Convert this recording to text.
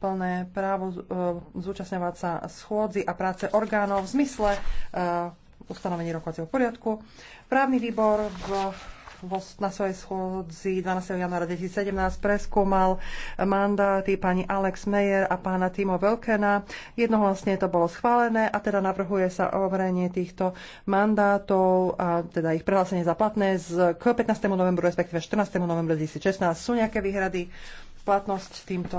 plné právo e, zúčastňovať sa schôdzi a práce orgánov v zmysle e, ustanovení rokovacieho poriadku. Právny výbor v na svojej schôdzi 12. januára 2017 preskúmal mandáty pani Alex Meyer a pána Timo Velkena. Jednohlasne to bolo schválené a teda navrhuje sa overenie týchto mandátov a teda ich prehlásenie za platné z, k 15. novembru, respektíve 14. novembru 2016. Sú nejaké výhrady? Platnosť týmto